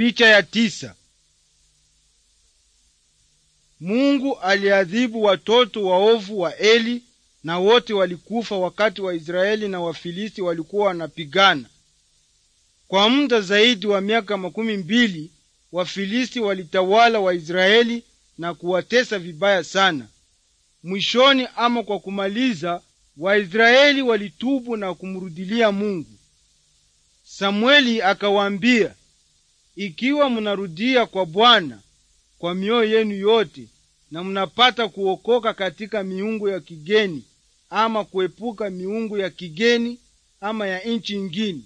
Picha ya tisa. Mungu aliadhibu watoto waovu wa Eli na wote walikufa wakati Waisraeli na Wafilisti walikuwa wanapigana. Kwa muda zaidi wa miaka makumi mbili Wafilisti walitawala Waisraeli na kuwatesa vibaya sana. Mwishoni ama kwa kumaliza, Waisraeli walitubu na kumrudilia Mungu. Samueli akawaambia, ikiwa mnarudia kwa Bwana kwa mioyo yenu yote na mnapata kuokoka katika miungu ya kigeni ama kuepuka miungu ya kigeni ama ya nchi ingine.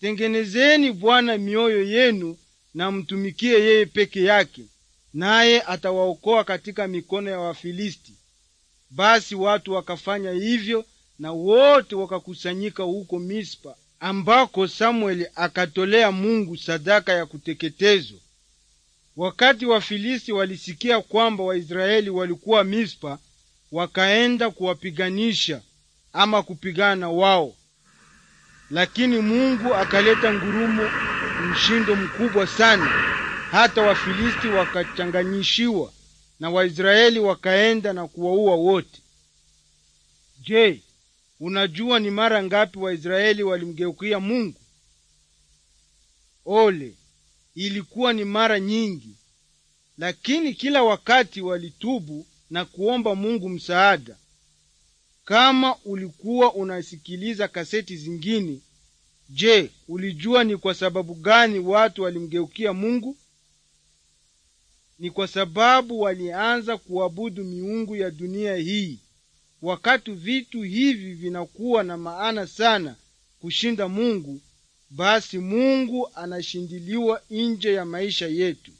Tengenezeni Bwana mioyo yenu na mtumikie yeye peke yake, naye atawaokoa katika mikono ya Wafilisti. Basi watu wakafanya hivyo, na wote wakakusanyika huko Mispa ambako Samueli akatolea Mungu sadaka ya kuteketezwa. Wakati Wafilisti walisikia kwamba Waisraeli walikuwa Mispa, wakaenda kuwapiganisha ama kupigana wao, lakini Mungu akaleta ngurumo, mshindo mkubwa sana, hata Wafilisti wakachanganyishiwa na Waisraeli wakaenda na kuwaua wote. Je, Unajua ni mara ngapi Waisraeli walimgeukia Mungu? Ole, ilikuwa ni mara nyingi, lakini kila wakati walitubu na kuomba Mungu msaada. Kama ulikuwa unasikiliza kaseti zingine, je, ulijua ni kwa sababu gani watu walimgeukia Mungu? Ni kwa sababu walianza kuabudu miungu ya dunia hii wakati vitu hivi vinakuwa na maana sana kushinda Mungu, basi Mungu anashindiliwa nje ya maisha yetu.